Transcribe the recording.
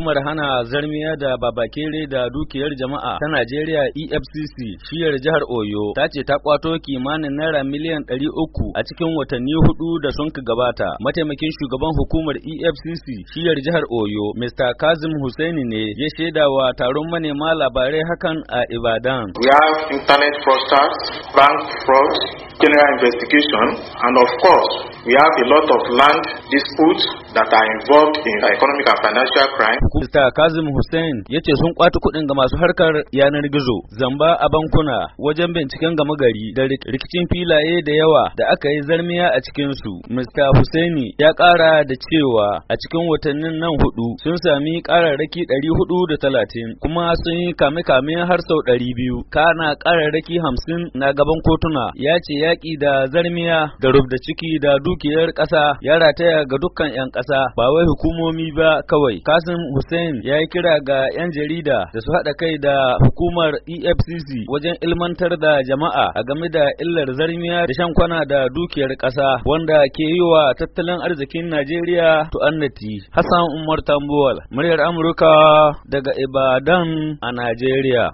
hukumar hana zarmiya da babakere da dukiyar jama'a ta Najeriya EFCC shiyar jihar Oyo ta ce ta kwato kimanin naira miliyan uku a cikin watanni hudu da sun gabata. Mataimakin shugaban hukumar EFCC shiyar jihar Oyo Mr. Kazim Hussaini ne ya shaida wa taron manema labarai hakan a Ibadan. We have internet fraudsters, bank fraud, general investigation and of course we have a lot of land disputes that are involved in economic and financial crime. hukumar ta Kazim Hussein ya sun kwato kuɗin ga masu harkar yanar gizo, zamba a bankuna, wajen binciken gama gari da rikicin filaye da yawa da aka yi zarmiya a cikin su. Mr. Husseini ya ƙara da cewa a cikin watannin nan hudu sun sami ƙararraki ɗari hudu da talatin kuma sun yi kame-kame har sau ɗari biyu. Kana ƙararraki hamsin na gaban kotuna ya ce yaƙi da zarmiya da da ciki da dukiyar ƙasa ya rataya ga dukkan 'yan ƙasa ba wai hukumomi ba kawai. Kasim Hussein ya yi kira ga 'yan jarida da su haɗa kai da hukumar EFCC wajen ilmantar da jama'a a game da illar zarmiya da shan kwana da dukiyar ƙasa wanda ke yi wa tattalin arzikin Najeriya tu'annati. Hassan Umar Tambuwal, muryar Amurka daga Ibadan a Najeriya.